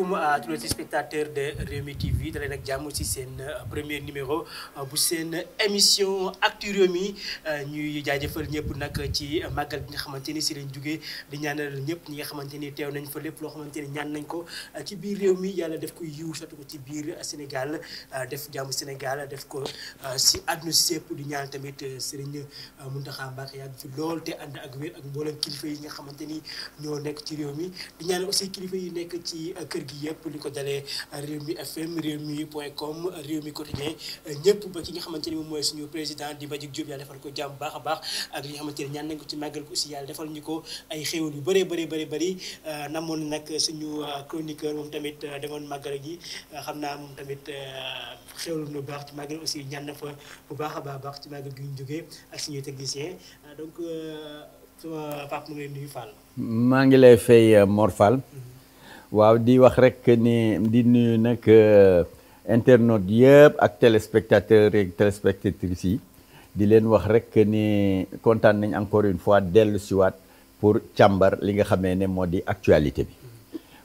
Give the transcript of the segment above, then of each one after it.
asalaamaaleykum à euh, tous les spectateurs de Rewmi TV dalee nag jàmm ci seen euh, premier numéro euh, bu seen émission Actu Rewmi ñuy jaajëfal ñëpp nag ci màggal bi nga xamante ni si lañ jugee di ñaanal ñëpp ñi nga xamante ni teew nañ fa lépp loo xamante ni ñaan nañ ko ci biir réew mi yàlla def ko yiw sotti ko ci biir Sénégal def jàmm Sénégal def ko si àdduna si sépp di ñaan tamit Serigne Mountakha Mbacké yàgg fi ak wér ak yi nga xamante ni ñoo nekk ci mi kilifa yi nekk ci kër gi yëpp li ko dalee réew mi fm réew mi point com réew mi quotidien ñëpp ba ki nga xamante ni moom mooy suñu président di Mbagnick Diop yàlla defal ko jàmm baax a baax ak li nga xamante ñaan nañ ko ci màggal ko aussi yàlla defal ñu ko ay xéewal yu bëree bëri bëri bëri namoon nag suñu chroniqueur moom tamit demoon màggal ji xam naa moom tamit xéewal na baax ci màggal aussi ñaan na fa bu baax a baax baax ci màggal gi ñu jógee ak suñuy technicien donc euh, sama papa mu ngi nuyu Fall maa ngi lay fay Mor Fall mm-hmm. waaw di wax rek ni di nuyu nag euh, internet yëpp ak téléspectateurs et téléspectatrices yi di leen wax rek ni kontaan nañ encore une fois dellu siwaat pour càmbar li nga xamee ne moo di actualité bi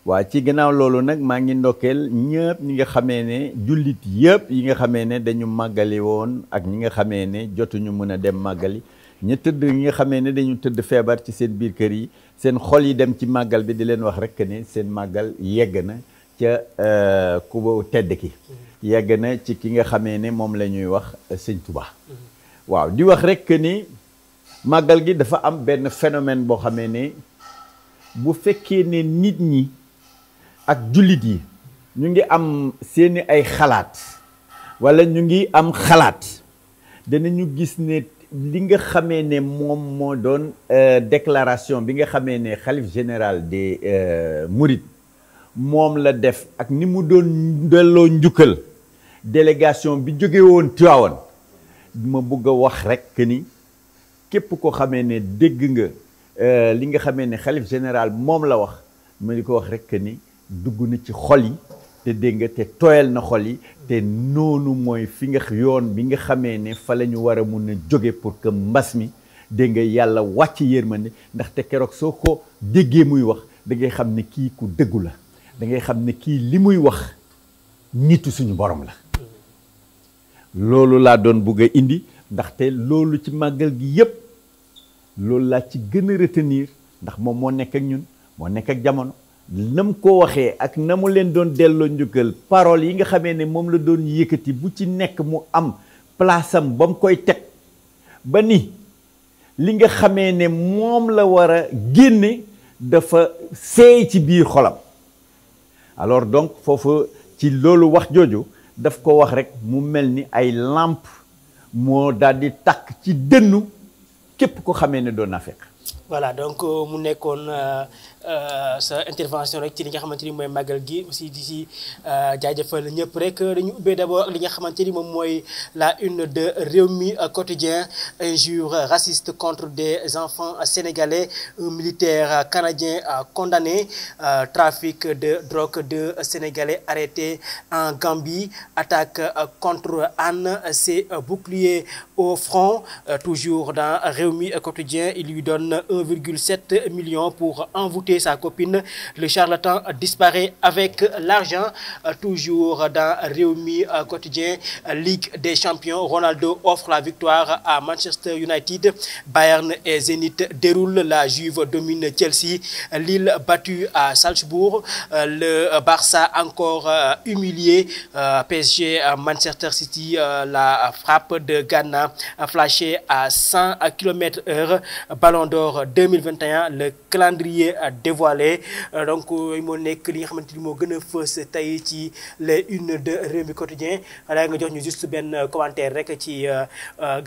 waaw ci gannaaw loolu nag maa ngi ndokkeel ñëpp ñi nga xamee ne jullit yëpp yi nga xamee ne dañu màggali woon ak ñi nga xamee ne jotuñu mën a dem màggali ñu tëdd ñi nga xamee ne dañu tëdd feebar ci seen biir kër yi seen xol yi dem ci màggal bi di leen wax rek ni seen màggal yegg na ca euh, ku tedd ki yegg na ci ki nga xamee ne moom la ñuy wax euh, sëñ Tuubaa waaw di wax rek ni màggal gi dafa am benn phénomène boo xamee ne bu fekkee ne nit ñi ak jullit yi ñu ngi am seeni ay xalaat walla ñu ngi am xalaat dana ñu gis ne li nga xamee ne moom moo doon euh, déclaration bi nga xamee ne xalif général des euh, Mourides moom la def ak ni mu doon delloo njukkal délégation bi jóge woon Tivaouane ma bëgg a wax rek ni képp ko xamee ne dégg nga euh, li nga xamee ne xalif général moom la wax ma di ko wax rek ni dugg na ci xol yi te dégg nga te tooyal na xol yi te noonu mooy fi nga yoon bi nga xamee ne fa la ñu war a mun a jóge pour que mbas mi dégg nga yàlla wàcc yërmande ndaxte keroog soo ko déggee muy wax dangay xam ne kii ku dëggu la dangay xam ne kii li muy wax nitu suñu borom la loolu laa doon bugg a indi ndaxte loolu ci màggal gi yépp loolu laa ci gën a retenir ndax moom moo nekk ak ñun moo nekk ak jamono nam ko waxee ak na mu leen doon delloo njugal parole yi nga xamee ne moom la doon yëkkati bu ci nekk mu am palaasam ba mu koy teg ba ni li nga xamee ne moom la war a génne dafa seey ci biir xolam alors donc foofu ci loolu wax jooju daf ko wax rek mu mel ni ay làmp moo daal di tàkk ci dënnu képp ko xamee ne doon naa voilà donc euh, mu nekkoon euh, euh, sa intervention rek ci li nga xamante ni mooy màggal gi aussi di si jaajëfal ñëpp rek dañu ubbee d'abord li nga xamante ni moom mooy la une de Rewmi quotidien injure raciste contre des enfants sénégalais un militaire canadien condamné trafic de drogue de sénégalais arrêté en Gambie attaque contre Anne ses boucliers au front toujours dans Rewmi quotidien il lui donne 1,7 million pour envoûter sa copine. Le charlatan disparaît avec l'argent. Euh, toujours dans Réumi euh, quotidien, Ligue des champions, Ronaldo offre la victoire à Manchester United. Bayern et Zenit déroulent. La Juve domine Chelsea. Lille battue à Salzbourg. Euh, le Barça encore humilié. PSG Manchester City, la frappe de Ghana flashée à km/h. 2021 le calendrier a dévoilé euh, donc yooyu euh, moo nekk li nga xamante ni moo gën a fës tey ci les une de Rewmi Quotidien xanaa nga jox ñu juste benn commentaire rek ci euh,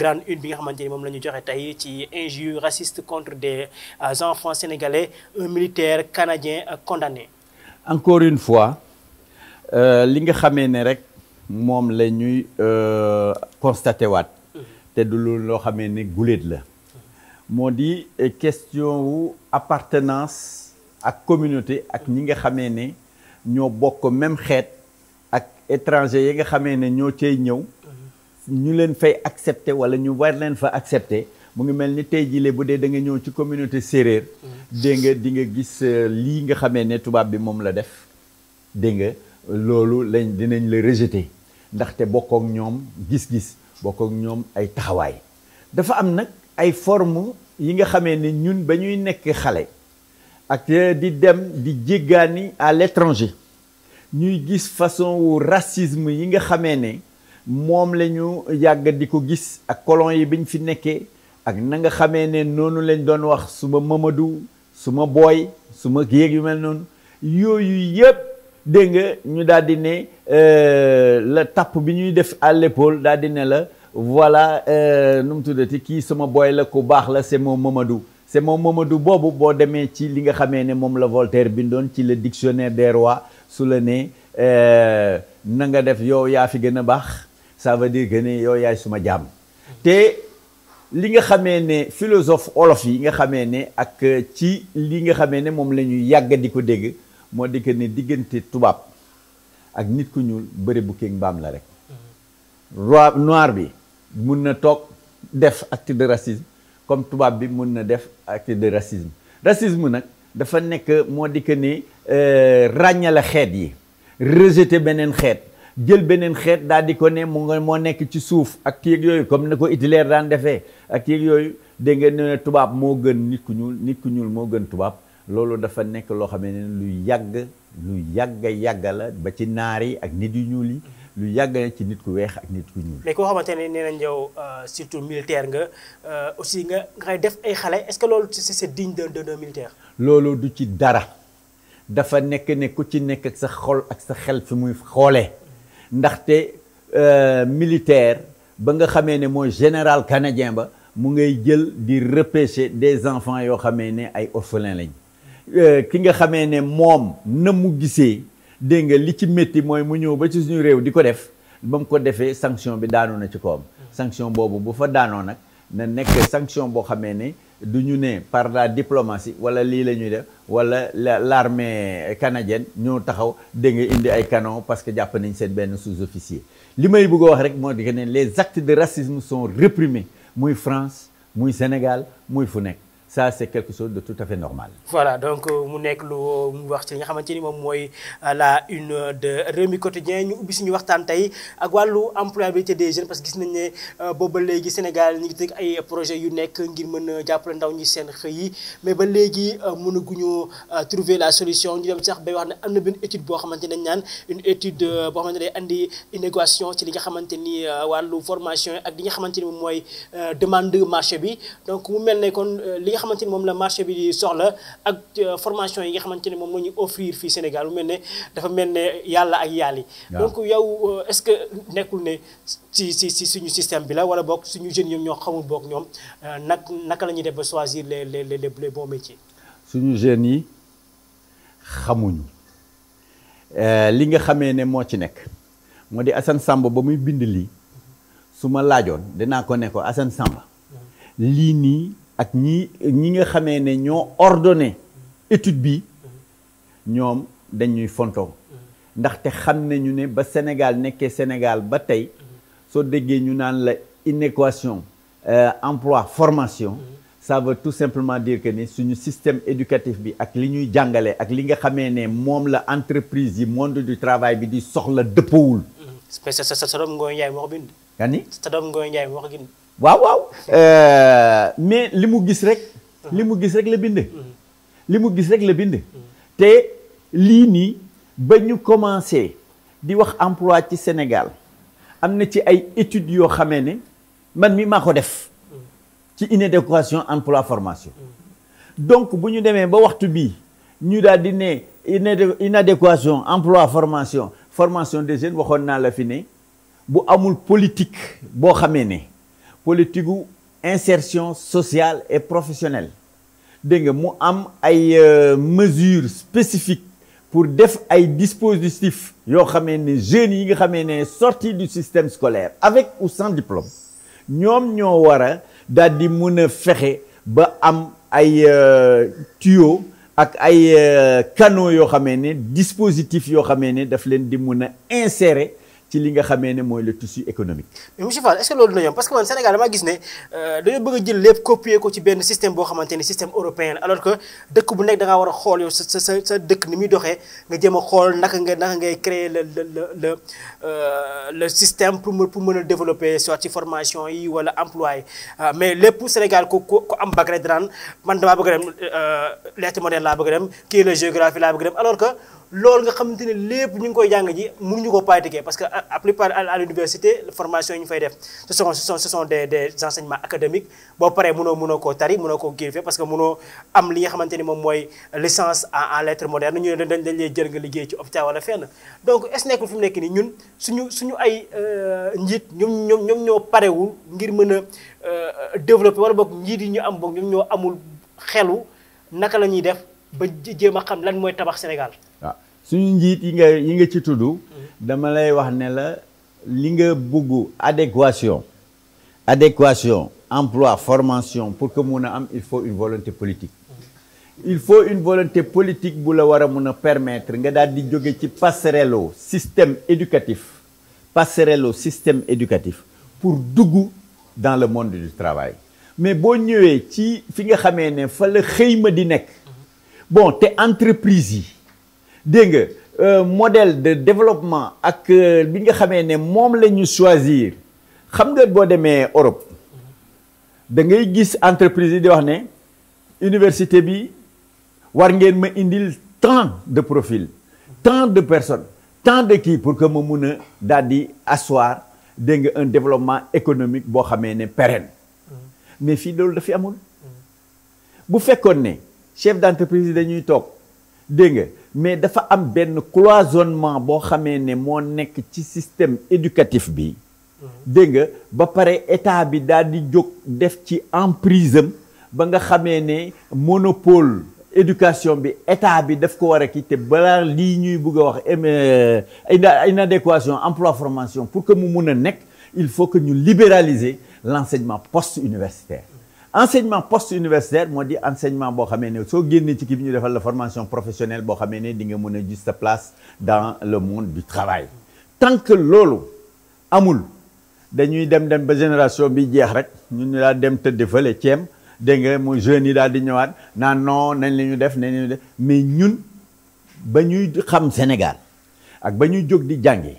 grande une bi nga xamante ni moom la ñu joxe tey ci injures racistes contre des enfants sénégalais un militaire canadien condamné. encore une fois li nga xamee ne rek moom la ñuy constaté waat. Mmh. te du loolu loo xamee ne guléet la. moo di eh, question wu appartenance ak communauté ak ñi nga xamee ne ñoo bokk même xeet ak étranger yi nga xamee ne ñoo cay ñëw ñu leen fay accepter wala ñu war leen fa accepter mu ngi mel ni tey jile bu dee da nga ñëw ci communauté séeréer dégg nga di nga gis eh, lii nga xamee ne tubaab bi moom la def dégg nga loolu lañ dinañ la rejeter ndaxte bokkook ñoom gis-gis bokkook ñoom ay taxawaay dafa am nag ay forme yi nga xamee ne ñun ba ñuy nekk xale ak di dem di jéggaani à l'étranger ñuy gis façon wu racisme yi nga xamee ne moom la ñu yàgg di ko gis ak colon yi biñ fi nekkee ak na nga xamee ne noonu lañ doon wax suma Mamadou suma booy suma yéeg yu mel noonu yooyu yëpp dégg nga ñu daal di ne euh, la tàpp bi ñuy def à l'épaule daal di ne la voilà euh, nu mu tuddati kii sama booy la ku baax la c'est mon Mamadou c'est Mamadou boobu boo demee ci li nga xamee ne moom la Voltaire bindoon ci la dictionnaire des rois su la ne euh, na nga def yow yaa fi gën a baax ça veut dire que ne yaay suma jaam te li nga xamee ne philosophe olof yi nga xamee ne ak euh, ci li nga xamee ne moom la ñuy yàgg di ko dégg moo di que ne diggante tubaab ak nit ku ñuul bëri bu kéeg mbaam la rek mm-hmm. roi noir bi mun na toog def acte de comme tubaab bi mun na def acte de racisme racisme nag dafa nekk moo di que ni euh, ràññale xeet yi rejeter beneen xeet jël beneen xeet daal di ko ne mu nga moo nekk ci suuf ak yeeg yooyu comme ni ko Hitler daan defee ak yeeg yooyu dégg ne tubaab moo gën nit ku ñuul nit ku ñuul moo gën tubaab loolu dafa nekk loo xam ne lu yàgg lu yàgg yàgg la ba ci naar yi ak nit yu ñuul yi lu yàggale ci nit ku weex ak nit ku ñuul. mais koo xamante ne nee nañ euh, surtout militaire nga euh, aussi nga ngay def ay xale est-ce que loolu c'est digne d'un militaire. loolu du ci dara dafa nekk ne ku ci nekk ak sa xol ak sa xel fi muy xoolee ndaxte euh, militaire ba nga xamee ne mooy général canadien ba mu ngay jël di repêcher des enfants yoo xamee ne ay orphelins lañ ki nga xamee ne moom na mu gisee. dégg nga li ci métti mooy mu ñëw ba ci suñu réew di ko def ba mu ko defee sanction bi daanu na ci am sanction boobu bu fa daanoo nag na nekk sanction boo xamee ne du ñu ne par la diplomatie wala lii la ñuy def wala l'armée canadienne ñoo taxaw dégg nga indi ay canon parce que jàpp nañ seen benn sous-officier li may bëgg wax rek moo di que ne les actes de racisme sont réprimés muy France muy Sénégal muy fu nekk. ça c'est quelque chose de tout à fait normal. voilà donc euh, mu nekk lu euh, mu wax ci li nga xamante ni moom mooy euh, la une de Rewmi Quotidien ñu ubbi suñu waxtaan tey ak wàllu employabilité des jeunes parce gis nañ ne booba léegi Sénégal ñu ngi ay projets yu nekk ngir mën jàppale ndaw ñi seen yi mais ba léegi mënaguñu trouver la solution ñu dem sax wax ne am na benn étude boo xamante ne dañ naan une étude boo xamante ne day andi inégation ci li nga xamante ni wàllu formation ak li nga xamante ni moom mooy demande marché bi donc mu mel ne kon li nga xamante ni moom la marché bi di soxla ak euh, formation yi nga xamante ni moom moo ñu offrir fii Sénégal mu mel ne dafa mel ne yàlla ak yàlli donc yow euh, est-ce que nekkul ne ci si ci suñu système bi la wala boog suñu jeunes ñoom ñoo xamul boog ñoom euh, nag naka la ñuy def ba choisir les les les bons métiers. suñu jeunes yi xamuñu li nga xamee ne moo ci nekk moo di Assane Samba ba muy bind lii su ma laajoon dinaa ko ne ko Assane Samba mm-hmm. lii nii. ak ñi ñi nga xamee ne ñoo ordonné étude bi ñoom dañuy fontoo ndaxte xam nañu ne ba Sénégal nekkee Sénégal ba tey soo déggee ñu naan la inéquation euh, emploi formation ça veut tout simplement dire que ni suñu système éducatif bi ak li ñuy jàngale ak li nga xamee ne moom la entreprise yi monde du travail bi di soxla dëppawul. sa sa sa doom Ngoye Ndiaye moo ko bind. nga ni sa doom Ngoye Ndiaye moo ko bind. waaw waaw euh, mais li mu gis rek li mu gis rek la bind li mu gis rek la bind te lii nii ba ñu commencé di wax emploi ci Sénégal am na ci ay études yoo xamee ne man mi maa ko def ci inadéquation emploi formation donc bu ñu demee ba waxtu bii ñu daal di ne inadéquation emploi formation formation des jeunes waxoon naa la fi ne bu amul politique boo xamee ne politique gu insertion sociale et professionnelle dégg nga mu am ay euh, mesures spécifiques pour def ay dispositifs yoo xamee ne jeunes yi nga xamee ne sortis du système scolaire avec ou sans diplôme ñoom ñoo war a daal di mën a fexe ba am ay euh, tuyaux ak ay euh, canaux yoo xamee ne dispositifs yoo xamee ne daf leen di mun a insérer. ci li nga xamee ne mooy le tissu économique. mais monsieur Fall est-ce que loolu dina yomb parce que man Sénégal dama gis ne euh, dañoo bëgg a jël lépp copier ko ci benn système boo xamante ne système européen la alors que dëkk bu nekk da ngaa war a xool yow sa sa sa dëkk ni muy doxee nga jéem a xool naka nga naka ngay créer le le le le euh, système pour pour mën a développer soit ci formation yi wala emploi yi euh, mais lépp Sénégal ku ko am bac rek daan man damaa bëgg a dem lettre moderne laa bëgg a kii la géographie laa bëgg a dem alors que. loolu nga xamante ne lépp ñu ngi koy jàng ji mënuñu ko pratiquer parce que à plupart à l'université formation yi ñu fay def ce sont ce sont ce sont des des enseignements académiques boo paree mënoo mënoo koo tari que mënoo am li nga xamante ni moom mooy licence en en lettres ñu dañ dañ lay jël nga liggéey ci hôpital wala fenn donc nekk nii ñun suñu suñu ay euh, njiit ñoom ñoom ñoom ñoo parewul ngir mën a euh, développer wala boog njiit yi ñu am boog ñoom ñoo amul xelu naka la ñuy def ba jéem a xam lan mooy tabax Sénégal suñu njiit yi nga yi nga ci tudd. dama lay wax ne la li nga bugg adéquation. adéquation emploi formation pour que mun a am il faut une volonté politique. il faut une volonté politique bu la war a mun a permettre nga daal di jóge ci passerello système éducatif passerello système éducatif pour dugg dans le monde du travail mais boo ñëwee ci fi nga xamee ne fa la xëy di nekk bon te entreprise yi. dégg nga euh, modèle de développement ak euh, bi nga xamee ne moom la ñu choisir xam nga boo demee Europe da ngay gis entreprise yi di wax ne université bi war ngeen ma indil tant de profil tant de personnes tant de kii pour que ma mun a daal di asseoir dégg nga un développement économique boo xamee ne pérenne mm. mais fii loolu dafi amul bu fekkoon ne chef d'entreprise yi dañuy toog dégg nga mais dafa am benn cloisonnement boo xamee ne moo nekk ci système éducatif bi dégg nga ba pare état bi daal di jóg def ci emprise ba nga xamee ne monopole éducation bi état bi daf ko war a kii te balaa lii ñuy bëgg a wax euh, inadéquation emploi formation pour que mu mun a nekk il faut que ñu libéraliser l'enseignement post-universitaire enseignement post universitaire moo di enseignement boo xamee ne soo génnee ci kii bi ñu defal la formation professionnelle boo xamee ne di nga mën a gis sa place dans le monde du travail tant que loolu amul dañuy dem dem ba génération bi jeex rek ñun ñu daal dem tëdd fële ceem dégg nga mu jeunes yi daal di ñëwaat naan non nañ la ñu def nañ la def mais ñun ba ñuy xam Sénégal ak ba ñuy jóg di jàngi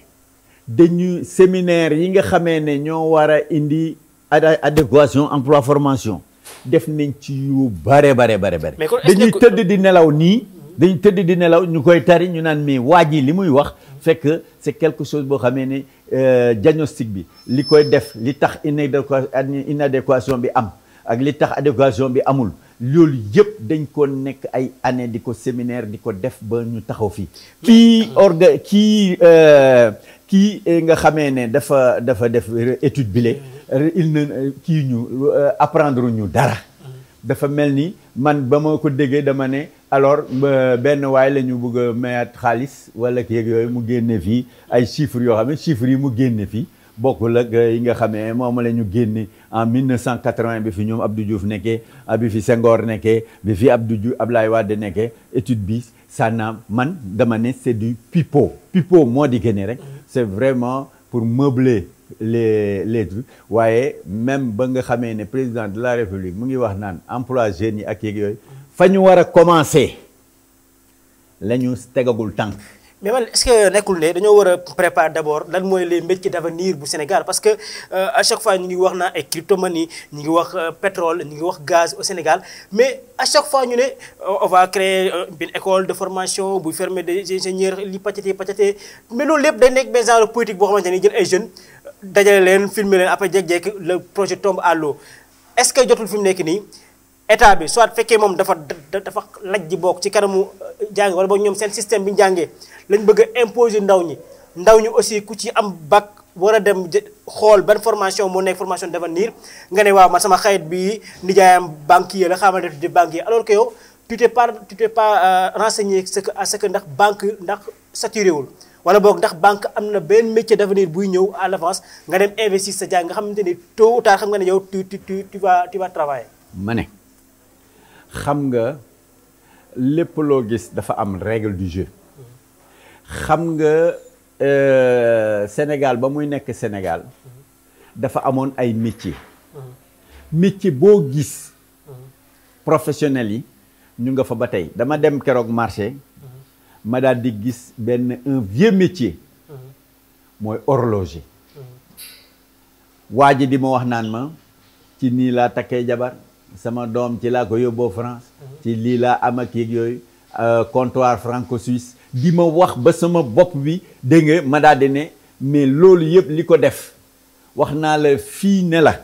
dañuy séminaire yi nga xamee ne ñoo war a indi adéquation emploi formation def nañ ci yu bare bare bare bare dañuy tëdd di nelaw nii dañuy tëdd di nelaw ñu koy tari ñu naan mais waa ji li muy wax fekk c'est quelque chose boo xamee ne euh, diagnostic bi li koy def li tax inadéquation bi am ak li tax adéquation bi amul loolu yëpp dañ ko nekk ay année di ko séminaire di ko def ba ñu taxaw fii kii orga kii euh, kii nga xamee ne dafa dafa def euh, étude bi le il ne euh, kii ñu euh, apprendre ñu dara. dafa mel ni man ba ma ko déggee dama ne alors euh, benn waay la ñu bëgg a at xaalis wala yeeg yooyu mu génne fii ay chiffres yoo xam ne chiffres yi mu génne fii bokkul ak yi nga xamee moom la ñu génne en 1980 bi fi ñoom ab Abdou Diouf nekkee ah, bi fi Senghor nekkee bi fi Abdou Diouf Ablaye Wade nekke étude bi ça man dama ne c'est du pipo pipeau moo di génne rek c'est vraiment pour meubler les les trucs waaye même ba nga xamee ne président de la république mu ngi wax naan emploi jeunes yi ak yeeg yooyu fa ñu war a commencer la ñu tegagul tànk. mais man est-ce que nekkul ne dañoo war a préparer d'abord lan mooy les métiers d'avenir bu Sénégal parce que euh, à chaque fois ñu ngi wax naa ay cryptomanie ñu ngi wax euh, pétrole ñu ngi wax gaz au Sénégal mais à chaque fois ñu ne euh, on va créer une école de formation buy former des ingénieurs li pàccetee pàccetee mais loolu lépp day dajale leen filmer leen après jékki-jékki le projet tombe à l'eau est-ce que jotul fi mu nekk nii état bi soit fekkee moom dafa dafa laj ji bokk ci kanamu euh, jàng wala boog ñoom seen système bi ñu jàngee lañ bëgg a imposer ndaw ñi ndaw ñi aussi ku ci am bac war a dem xool ban formation moo nekk formation d'avenir nga ne waaw man sama xarit bi nijaayam banquier la xamal def di banquier alors que yow tu t'es pas tu t'es pas euh, ce que à ce ndax banque ndax saturé wul. wala boog ndax banque am na benn métier d'avenir buy ñëw à l'avance nga dem investir sa jàng nga xamante ni tôt ou tard xam nga ne yow tu tu tu tu vas tu vas travailler. ma ne xam nga lépp loo gis dafa am règle du jeu xam nga euh, Sénégal ba muy nekk Sénégal dafa amoon ay métiers. métier boo gis. professionnels yi ñu nga fa ba tey dama dem keroog marché. ma daal di gis benn un vieux métier mm-hmm. mooy horloger mm-hmm. waa ji di ma wax naan ma ci nii laa takkee jabar sama doom ci laa ko yóbboo France mm-hmm. ci lii laa am ak yeeg yooyu euh, comptoir franco-suisse di ma wax ba sama bopp bi dégg nga ma daal di ne mais loolu yëpp li ko def wax naa la fii ne la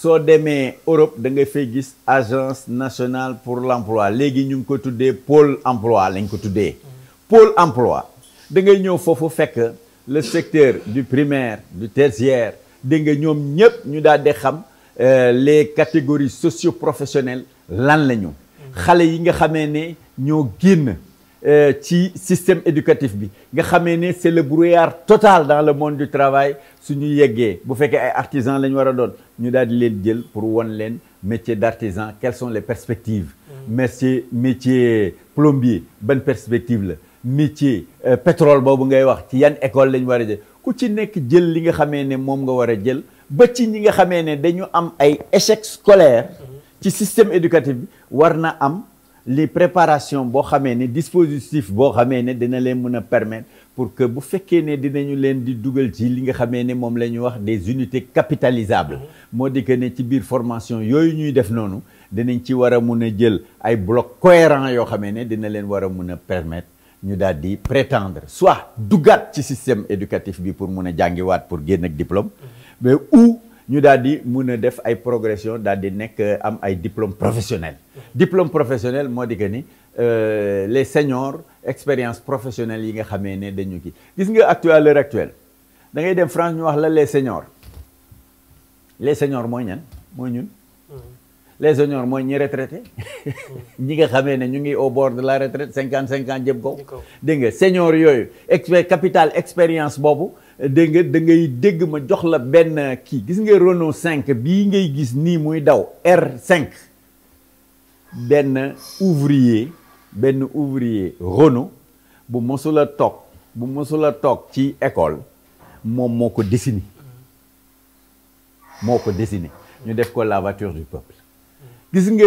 soo demee Europe da nga fay gis agence nationale pour l'emploi léegi ñu ngi ko tuddee pôle emploi lañ ko tuddee pôle emploi da ngay ñëw foofu fekk le secteur du primaire du tertiaire da nga ñoom ñëpp ñu daal di xam euh, les catégories socio-professionnelles lan la ñu. xale yi nga xamee ne ñoo génn euh, ci système éducatif bi nga xamee ne c'est le brouillard total dans le monde du travail su ñu yeggee bu fekkee ay artisans la ñu war a doon ñu daal di leen jël pour won leen métier d'artisan quelles sont les perspectives. métier mm. métier plombier ban perspective la. métier euh, pétrole boobu ngay wax ci yan école lañ war a jël ku ci nekk jël li nga xamee ne moom nga war a jël bët ci ñi nga xamee ne dañu am ay échec scolaire ci système éducatif bi war na am li préparation boo xamee ni dispositif boo xamee ne dina leen mun a permettre pour que bu fekkee ne dinañu leen di dugal ci li nga xamee ne moom la ñuy wax des unités capitalisables moo di que ne ci biir formation yooyu ñuy def noonu dinañ ci war a mun a jël ay bloc cohérent yoo xamee ne dina leen war a mun a permettre ñu daal di prétendre soit duggaat ci système éducatif bi pour mun a jàngiwaat pour génn ak diplôme mais ou ñu daal di mun a def ay progression daal di nekk am ay diplôme professionnel diplôme professionnel moo di que ni euh, les seniors expérience professionnelle yi nga xamee ne dañu kii gis nga actuel l'heure actuelle da ngay dem France ñu wax la le seniors les seniors mooy ñan mooy ñun les seniors mooy ñi retraité ñi nga xamee ne ñu ngi au bord la retraite cinquante cinq ans ko kaw dégg nga seniors yooyu expert capital expérience boobu dégg nga da dégg ma jox la benn kii gis nga Renault cinq bii ngay gis nii muy daw R5 benn ouvrier benn ouvrier Renault bu mosula toog bu mosula toog ci école moom moo ko dessiné moo ko dessiné ñu def ko la voiture du peuple gis nga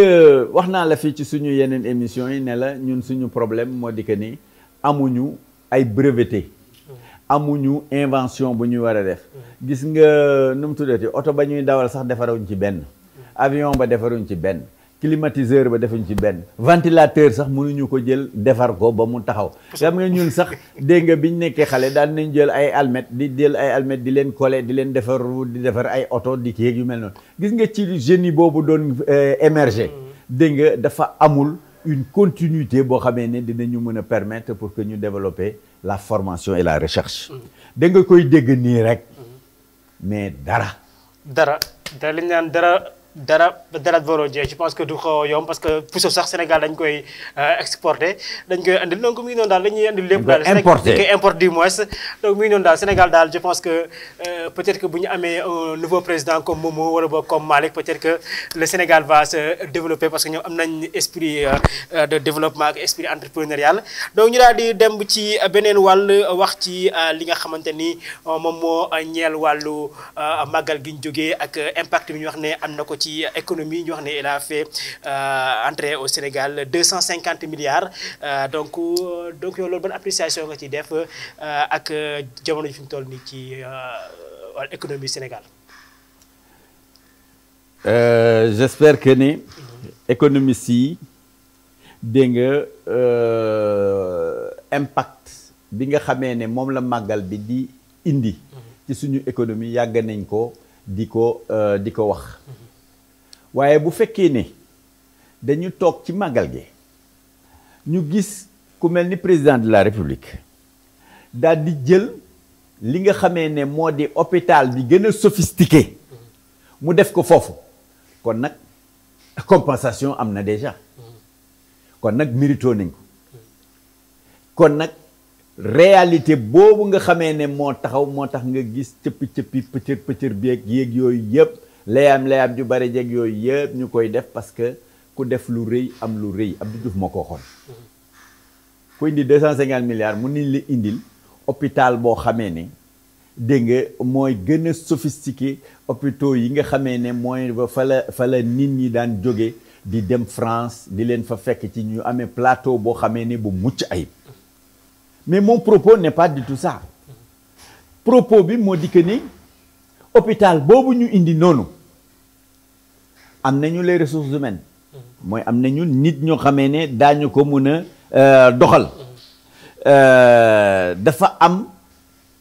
wax naa la fii ci suñu yeneen émission yi ne la ñun suñu problème moo di que ni amuñu ay breveté mm. amuñu invention bu ñuy war a def mm. gis nga nu mu tuddati oto ba ñuy dawal sax defaruñ ci benn mm. avion ba defaruñ ci benn climatiseur ba defuñ ci benn ventilateur sax mënuñu ko jël defar ko ba mu taxaw xam nga ñun sax dégg nga ñu nekkee xale daan nañ jël ay almet di jël ay almet di leen kole di leen defar di defar ay oto di kii yu mel noonu gis nga ci génie boobu doon euh, émerger dégg nga dafa amul une continuité boo xamee ne ñu mën a permettre pour que ñu développer la formation et la recherche da nga koy dégg nii rek mm-hmm. mais dara dara da dara dara dara waroo jeex je pense que du xaw a parce que puso sax Sénégal dañ koy euh, exporté dañ koy andil donc mi ngi noonu daal dañuy andil lépp daal Sénégal daal je pense que euh, peut-être que bu ñu amee un nouveau président comme Momo wala boog comme Malick peut-être que le Sénégal va se développer parce que ñoom am nañ esprit euh, de développement ak esprit entrepreneurial donc ñu daal di dem ci beneen wàll wax ci li nga xamante ni moom moo ñeel wàllu màggal gi ñu jógee ak impact bi ñu wax ne am na ko ci ci économie ñu wax ne il a fait euh, au Sénégal deux cent cinquante milliards euh, donc euh, donc yow nga ci def ak jamono ji fi mu toll nii ci Sénégal. j'espère que ni économistes nga impact bi nga xamee ne moom la màggal bi di indi. Mhm. ci suñu économie yàgg nañ ko di ko di ko wax. Mhm. waaye bu fekkee ne dañu toog ci màggal gi ñu gis ku mel ni président de la république daal di jël li nga xamee ne moo di hôpital bi gën a sophistiqué mu def ko foofu kon nag compensation am na déjà kon nag mérito nañ ko kon nag réalité boobu nga xamee ne moo taxaw moo tax nga gis cëppi cëppi pëcër pëcër bi ak yéeg yooyu yëpp layam layam ju bari jeg yooyu yëpp ñu koy def parce que ku def lu rëy am lu rëy Abdou Diouf ma ko waxoon ku indi deux cent cinquante milliards mu ni li indil hôpital boo xamee ni dégg nga mooy gën a sophistiqué hôpitaux yi nga xamee ne mooy fa la fa la nit ñi daan jóge di dem France di leen fa fekk ci ñu amee plateau boo xamee ni bu mucc ayib mais mon propos n'est pas du tout ça propos bi moo dikk ni hôpital boobu ñu indi noonu am nañu les ressources humaines mm-hmm. mooy am na ñu nit ñoo xamee ne daañu ko mun a euh, doxal mm-hmm. euh, dafa am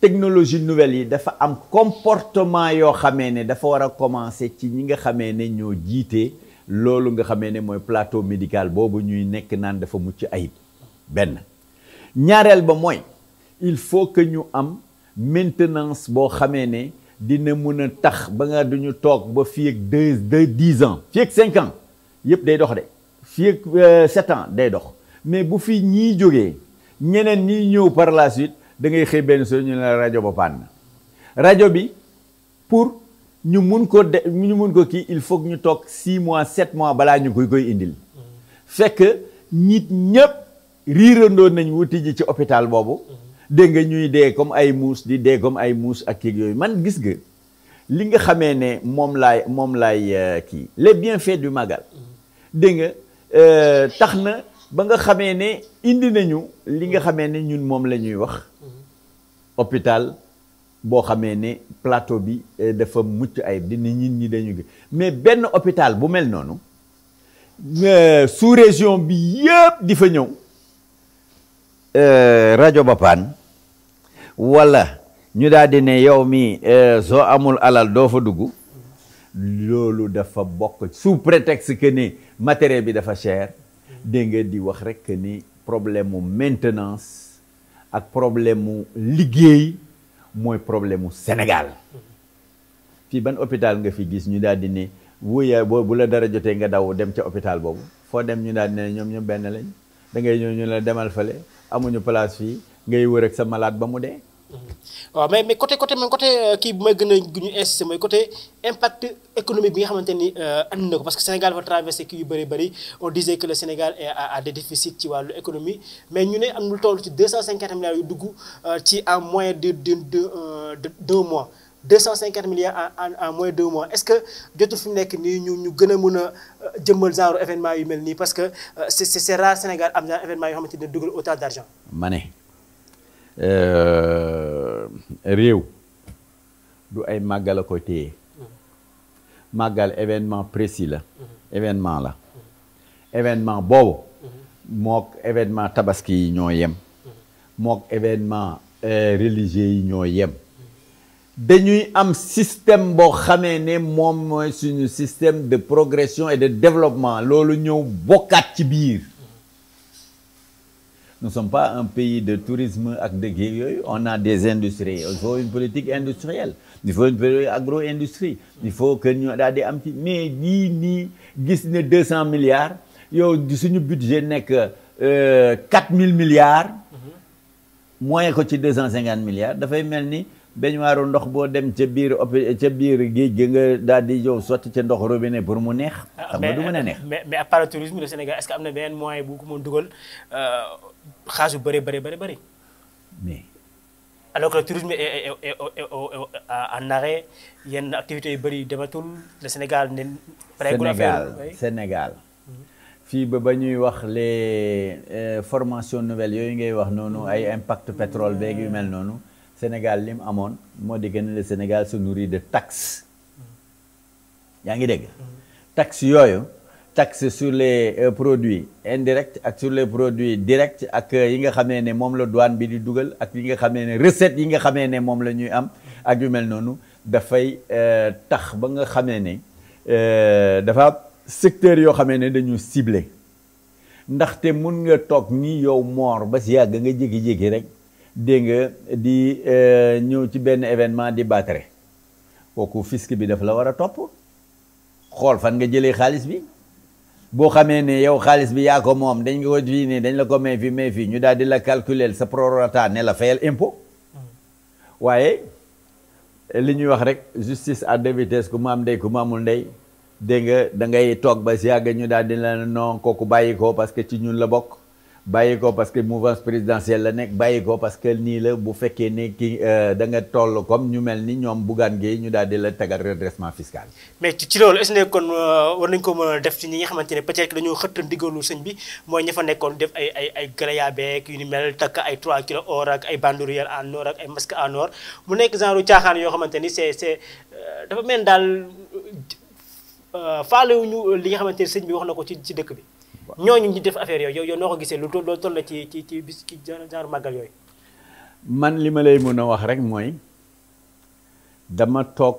technologie nouvelle yi dafa am comportement yoo xamee ne dafa war a commencer ci ñi nga xamee ne ñoo jiite loolu nga xamee ne mooy plateau médical boobu ñuy nekk naan dafa mucc ayib benn ñaareel ba mooy il faut que ñu am maintenance boo xamee ne dina mun a tax ba nga ñu toog ba fi ak deux deux dix ans fii ak cinq ans yëpp day dox de fii ak euh, sept ans day dox mais bu fi ñii jógee ñeneen ñiy ñëw par la suite da ngay xëy benn so ñu la rajo ba paan rajo bi pour ñu mun ko de ñu mun ko kii il faut ñu toog six mois sept mois balaa ñu koy koy indil mm-hmm. fekk nit ñëpp riirandoo nañ wuti ji ci hôpital boobu mm-hmm. dégg nga ñuy dee comme ay muus di dee comme ay muus ak yeeg yooyu man gis nga li nga xamee ne moom lay moom laay euh, kii les bienfaits du magal dégg nga euh, tax na ba nga xamee ne indi nañu li nga xamee ne ñun moom la ñuy wax hôpital boo xamee ne plateau bi euh, dafa mucc ay dina ñit ñi dañu gi mais benn hôpital bu mel noonu sous région bi yëpp di fa ñëw Euh, rajo ba paan wala ñu daal di ne yow mi euh, soo amul alal doo fa dugg loolu dafa bokk sous prétexte que ni matériel bi dafa cher dégg nga di wax rek ni problème mu maintenance ak problème mu liggéey mooy problème mu Sénégal fii ban hôpital nga fi gis ñu daal di ne wuya bu la dara jotee nga daw dem ca hôpital boobu foo dem ñu daal di ñoom ñoom benn lañ da ñëw ñu la demal fale amuñu place fii ngay wër ak sa malade ba mu dee. waaw mais mais côté côté man côté euh, kii bi may gën a ñu insisté mooy côté impact économique bi nga xamante ni euh, andi na ko parce que Sénégal fa traversé kii yu bëri bëri on disait que le Sénégal est à des déficits ci wàllu économie mais ñu ne am lu toll ci deux cent cinquante milliards yu dugg euh, ci en moyen de de de deux mois. deux cent cinquante milliards en en moins deux mois est-ce que jotul fi nekk nii ñu ñu gën a mën a euh, jëmmal genre événement yu mel nii parce que euh, c'est c'est rare Sénégal am genre événement yoo xamante ne dugal autant d'argent ma euh, réew du ay màggal a koy téye màggal événement précis la événement la événement boobu mook événement tabaski yi ñoo yem mook événement religieux yi ñoo yem dañuy am système boo xamee ne moom mooy suñu système de progression et de développement loolu ñëw bokkaat ci biir nous ne sommes un pays de tourisme ak dëgg yooyu on a des industries il faut une politique industrielle il faut une politique agro-industrie il faut que ñu daal di am ci mais yii nii gis ne deux cent milliards yow suñu budget nekk euh, quatre mille milliards mhm. moyen ko ci deux cent cinquante milliards dafay mel ni beñuwaaru ndox boo dem ca biir ca biir géej gi nga daal di yow sotti ca ndox robinet pour mu neex. Ah, xam nga du mën a neex mais mais à part tourisme du Sénégal est-ce que am na beneen moyen bëri bëri bëri bëri. mais. alors que yenn activités yu bëri dematul le Sénégal ne. Sénégal Sénégal. Mhm. fii ba ba ñuy wax les euh, formation nouvelles yooyu ngay wax noonu ay impact pétrole beeg yu mel noonu. Sénégal li mu amoon moo di gën le Sénégal se nourrit de taxes yaa ngi dégg taxes yooyu taxes sur les euh, produits indirects ak sur les produits directs ak euh, yi nga xamee ne moom la douane bi di dugal ak yi nga xamee ne recette yi nga xamee ne moom la ñuy am ak yu mel noonu dafay euh, tax ba nga xamee ne dafa secteur yoo xamee ne dañu cible ndaxte mun nga toog ni yow moor ba si yàgg nga jékki-jékki rek dégg nga di euh, ñëw ci benn événement di battre kooku fisc bi daf la war a topp xool fan nga jëlee xaalis bi boo xamee ne yow xaalis bi yaa ko moom dañ nga ko fii ne dañ la ko may fii may fii ñu daal di la calculer sa prorata ne la fayal impo waaye li ñuy wax rek justice à deux vitesses ku mu am ndey ku mu amul ndey dégg nga da ngay toog ba si yàgg ñu daal di la non kooku bàyyi ko parce que ci ñun la bokk bàyyi ko parce que mouvance présidentielle la nekk bàyyi ko parce que nii la bu fekkee ne ki euh, da nga toll comme ñu mel ni ñoom Bougane Gueye ñu daal di la tegal redressement fiscal. mais ci loolu est-ce que kon euh, war nañ ko mën a def ci ñi nga xamante ne peut-être dañoo xëtt ndigalu sëñ bi mooy ña fa nekkoon def ay ay ay graya beek yu ni mel takk ay 3 kilo or ak ay bandoulières en or ak ay masques en or mu nekk genre caaxaan yoo xamante ni c'est c'est euh, dafa mel daal faale wu ñu li nga xamante ne sëñ bi wax na ko ci ci dëkk bi. ñooñu ñu def affaire yooyu yow noo ko gisee lu loolu toll la ci ci ci bis ci genre màggal yooyu. man li ma lay mën a wax rek mooy dama toog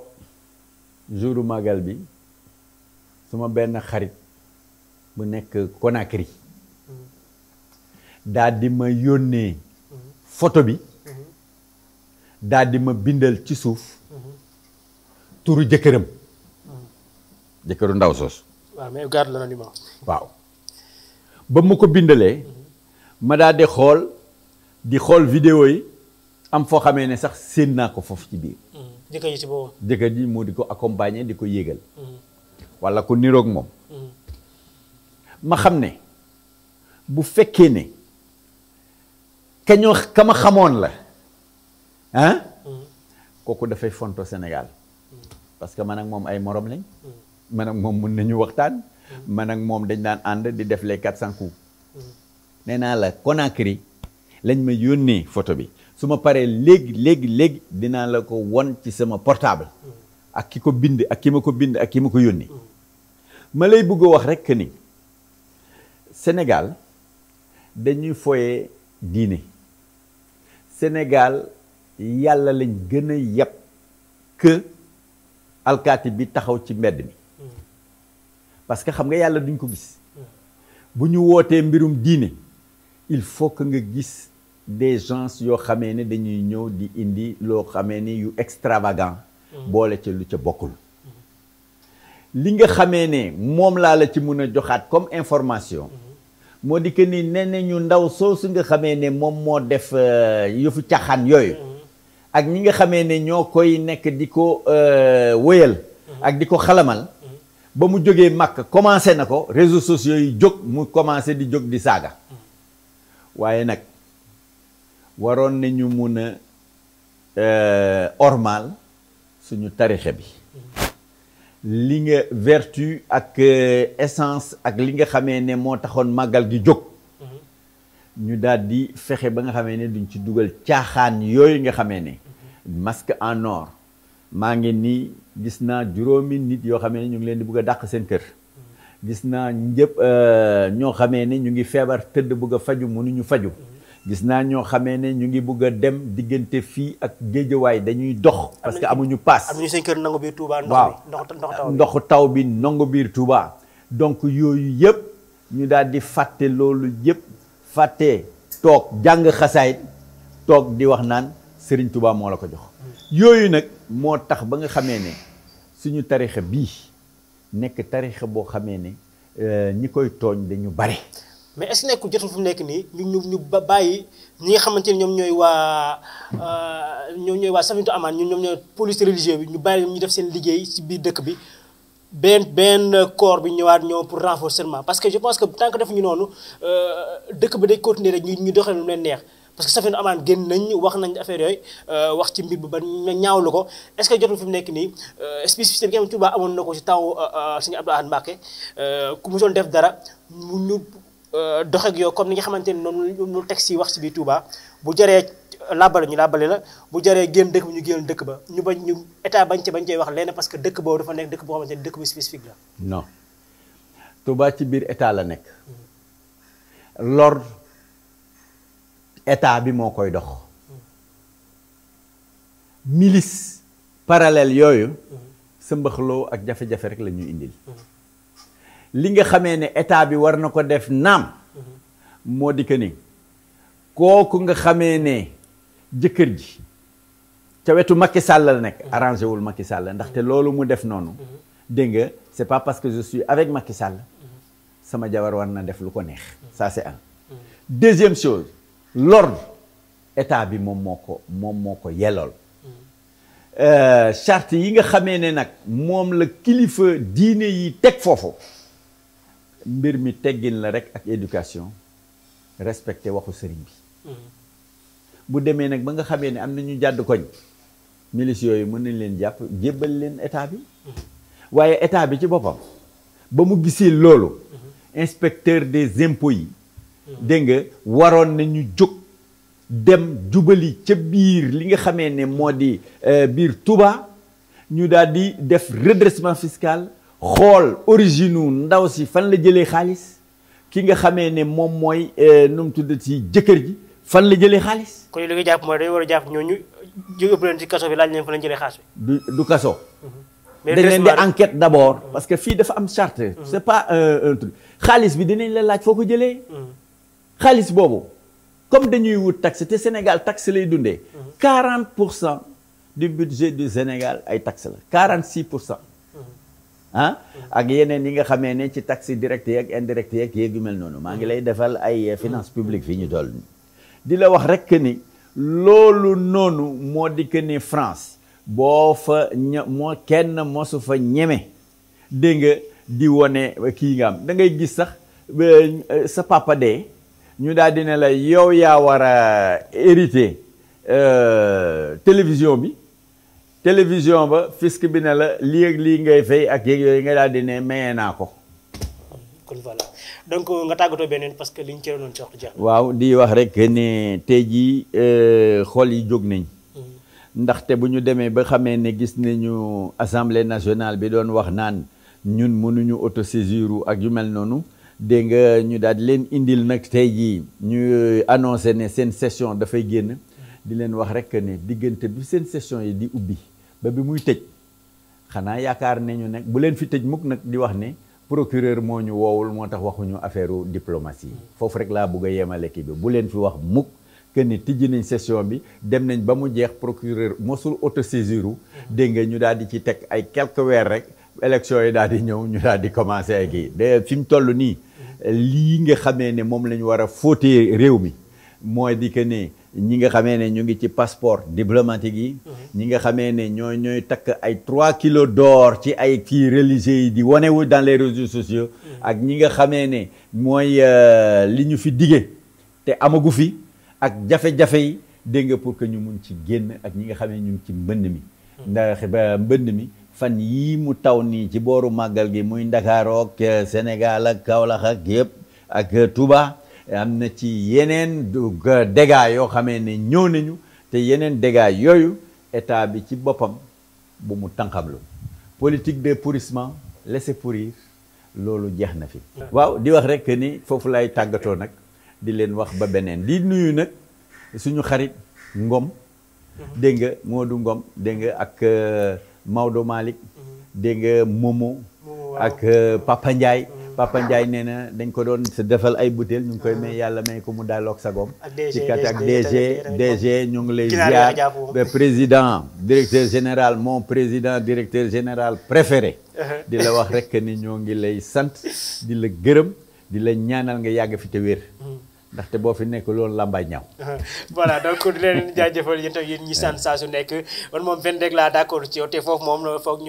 jouru màggal bi suma benn xarit bu nekk Conakry mm-hmm. daal di ma yónnee mm-hmm. photo bi mm-hmm. daldi ma bindal ci suuf turu jëkkëram. jëkkëru ndaw soosu waaw. ba mu ko bindalee ma daal di xool di xool vidéo yi am foo xamee ne sax séen naa ko foofu ci biir. Mm-hmm. jëkkër ji moo di ko accompagner di ko yéegal. Mm-hmm. wala ku niroog moom. Mm-hmm. ma xam ne bu fekkee ne kañoo kama xamoon la ah. kooku dafay fonto Sénégal. parce que man ak moom ay morom lañ. man ak moom mun nañu waxtaan. man ak moom dañ daan ànd di def les quatre cent coups. nee naa la Conakry lañ ma yónnee photo bi su ma paree léegi léegi léegi dinaa la ko won ci sama portable. ak ki ko bind ak ki ma ko bind ak ki ma ko yónnee. ma lay bëgg wax rek ni Sénégal dañuy foyee diine senegal yàlla lañ gën a yeb que alkaati bi taxaw ci mbedd mi. parce que xam nga yàlla duñ ko gis bu ñu wootee mbirum diine il faut que nga gis des gens yoo xamee ne dañuy ñëw di indi loo xamee ni yu extravagant mm. boole ca lu ca bokkul li nga xamee ne moom laa la ci mun a joxaat comme information mm-hmm. moo di que ni nee nañu ndaw soosu nga xamee ne moom moo def euh, yëfu caaxaan yooyu mm-hmm. ak ñi nga xamee ne ñoo koy nekk di ko euh, wëyal mm-hmm. ak di ko xalamal ba mu jógee màkk commencé na ko réseaux sociaux yi jóg mu commencé di jóg di saaga waaye nag waroon nañu mun a euh, ormal suñu tarixe bi li nga vertu ak euh, essence ak li nga xamee ne moo taxoon màggal gi jóg ñu daal di fexe ba nga xamee ne duñ ci dugal caaxaan yooyu nga xamee ne masque en or maa ngi nii gis naa juróomi nit yoo xamee ne ñu ngi leen di bëgg a dàq seen kër gis naa ñëpp euh, ñoo xamee ne ñu ngi feebar tëdd bëgg a faju mënuñu faju gis naa ñoo xamee ne ñu ngi bëgg a dem diggante fii ak géejawaay dañuy dox parce que amuñu paas am nañu seen kër nangu ndox Touba waaw ndoxu taw bi nangu biir Touba donc yooyu yëpp ñu daal di fàtte loolu yëpp fàtte toog jàng xasaayit toog di wax naan Serigne Touba moo la ko jox yooyu nag moo tax ba nga xamee ne suñu tarixa bii nekk tarixa boo xamee ne euh, ñi koy tooñ dañu bare mais est-ce que nekkul jotul fu mu nekk nii ñu ñu ñu bàyyi ñi nga xamante ni ñoom ñooy waa euh, ñoom ñooy waa Safintou Amane ñun ñoom ñooy police religieux bi ñu bàyyi ñu def seen liggéey si biir dëkk bi benn benn corps bi ñëwaat ñoom pour renforcement parce que je pense que tant que ñu noonu euh, dëkk bi day continuer rek ñu ñu doxal lu leen neex. parce que Safina Amaan génn nañ wax nañ affaire yooyu euh, wax ci mbir ba ñaaw lu ko est-ce que jotul fi mu nekk nii euh, spécificité bi nga amoon na ko ci temps euh, sëñ Abdou Ahad ku mu def dara mu ñu doxeeg yow comme ni nga xamante ni noonu lu teg si wax si biir Touba bu jëree labale ñu labale la bu jaree génn dëkk bi ñu génn dëkk ba ñu bañ ñu état bañ ci bañ cee wax leen parce que dëkk boobu dafa nekk dëkk boo xamante ni dëkk bu spécifique la. non ci biir état la nekk. état bi moo koy dox milice parallèle yooyu sëmbaxloo ak jafe-jafe rek la ñuy indil li nga xamee ne état bi war na ko def naam moo di que ni kooku nga xamee ne jëkkër ji ca wetu Macky Sall la nekk arrangé wul Macky Sall ndaxte loolu mu def noonu dégg nga c'est pas parce que je suis avec Macky Sall sama jabar war na def lu ko neex ça c'est un l'ordre état bi moom moo ko moom moo ko yelool euh, charte yi nga xamee ne nag moom la kilifa diine yi teg foofu mbir mi teggin la rek ak éducation respecté waxu sëriñ bi bu demee nag ba nga xamee ne am na ñu jàdd koñ milice yooyu mën nañ leen jàpp jébbal leen état bi waaye état bi ci boppam ba mu gisee loolu inspecteur des impôts yi dégg nga waroon ñu jóg dem jubali ca biir li nga xamee ne moo di euh, biir Touba ñu daal di def redressement fiscal xool origine wu ndaw si fan la jëlee xaalis ki nga xamee ne moom mooy euh, nu mu tudd ci jëkkër ji fan la jëlee xaalis. kon li nga jàpp mooy dañu war a jàpp ñooñu ñu ëpp leen ci kaso bi laaj leen fan la jëlee xaalis bi. du du kaso. Mm-hmm. dañ di enquête d'abord mm-hmm. parce que fii dafa am charte. Mm-hmm. c'est pas euh, un truc xaalis bi dinañ la laaj foo ko jëlee. xaalis boobu comme dañuy wut taxe te Sénégal taxe lay dundee. 40 mhm. pour cent du budget du Sénégal ay taxe la 46 pour cent. Mhm. Ah? Mhm. ak yeneen yi nga xamee ne ci taxe direct yeeg indirect yeeg yeeg yu mel noonu maa ngi lay defal ay eh, finance publique fi ñu dool di la wax rek ni loolu noonu moo di que ni France boo fa ña moo kenn mosu fa ñeme dégg nga di wone kii nga am da gis sax euh, euh, sa papa dee. ñu daal di ne la yow yaa war a hérité euh, télévision bi télévision ba fisc bi ne la li ak lii ngay fay ak yeeg yooyu nga daal di ne maye naa ko. kon voilà donc nga tàggatoo beneen parce que liñ cëroon ci waxtu jeex waaw di wax rek ne tey jii euh, xool yi jóg nañ. Mm-hmm. ndaxte bu ñu demee ba xamee ne gis nañu assemblée nationale bi doon wax naan ñun mënuñu autosaisir ak yu mel noonu. dégg nga ñu daal di leen indil nag tey jii ñu euh, annoncé ne seen session dafay génn di leen wax rek ni diggante bi seen session yi di ubbi ba bi muy tëj xanaa yaakaar nañu nag bu leen fi tëj mukk nag di wax ne procureur moo ñu woowul moo tax waxuñu affaire diplomatie foofu rek laa bëgg a yemale kii bi bu leen fi wax mukk que ni tijji nañ session bi dem nañ ba mu jeex procureur mosul auto saisiru dégg nga ñu daal di ci teg ay quelques weer rek. élection yi daal di ñëw ñu daal di commencé ak yi de fi mu toll nii lii nga xamee ne moom la ñu war a fóotee réew mi mooy di que ne ñi nga xamee ne ñu ngi ci passeport diplomatique yi ñi nga xamee ne ñoo ñooy takk ay trois kilos door ci ay kii religieux yi di wanewu dans les réseaux sociaux ak ñi nga xamee ne mooy euh, li ñu fi dige te amagu fi ak jafe-jafe yi dégg nga pour que ñu mun ci génn ak ñi nga xamee ñu ngi ci mbënd mi ndax ba mbënd mi fan yii mu taw nii ci booru màggal gi muy Ndakaaroog Sénégal ak Kaolack ak yëpp ak Touba am na ci yeneen dégâts yoo xamee ne ñëw nañu te yeneen dégâts yooyu état bi ci boppam bu mu tànqamlu politique de pourrissement laisser yi loolu jeex na fi waaw di wax rek ni foofu lay tàggatoo nag di leen wax ba beneen di nuyu nag suñu xarit Ngom mm-hmm. dégg nga Modou Ngom dégg nga ak euh, Maodo Malick mhm. dégg nga Momo ak euh, Papa Ndiaye mhm. Papa Ndiaye nee na dañ ko doon sa defal ay butéel ñu ngi koy mhm. may yàlla may ko mu daaloog sagom ci kat ak DG DG ñoo ngi lay ziar ba président directeur général mon président directeur général préféré uh-huh. di la wax rek ni ñoo ngi lay sant di la gërëm di la ñaanal nga yàgg fi te wér ndaxte boo fi nekk loolu lambay ñaw voilà donc di leen jaajëfal yéen tam yéen ñi saan saa su nekk man moom benn rek laa d'accord ci yow te foofu moom foog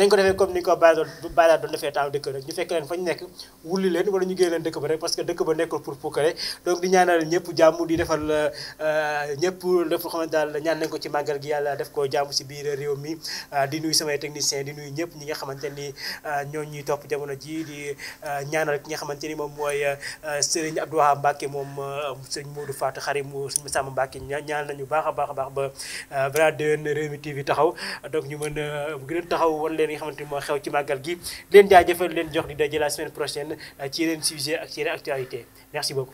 euh, euh, ni ko nekk wulli leen wala ñu génn dëkk ba rek parce que dëkk ba nekkul pour puukare donc di ñaanal ñëpp jàmm di defal euh, ñëpp lépp xamante daal ñaan nañ ko ci màggal gi yàlla def ko jàmm si biir réew mi di nuyu samay technicien di nuyu ñëpp ñi nga xamante ni euh, ñuy topp jamono ji di euh, ñaanal ki nga xamante ni moom mooy euh, sëriñ Abdou Wahab Mbacke moom sëriñ Modou Fatou xarit mu sëriñ Samba Mbacke ñaan nañu baax a baax a baax ba vraiment déwén Rewmi TV taxaw donc ñu mën a gën a taxaw wan leen yi xamante ni moo xew ci màggal gi leen jaajëfal leen jox di daje la semaine prochaine ci yeneen sujet ak ci yeneen actualité merci beaucoup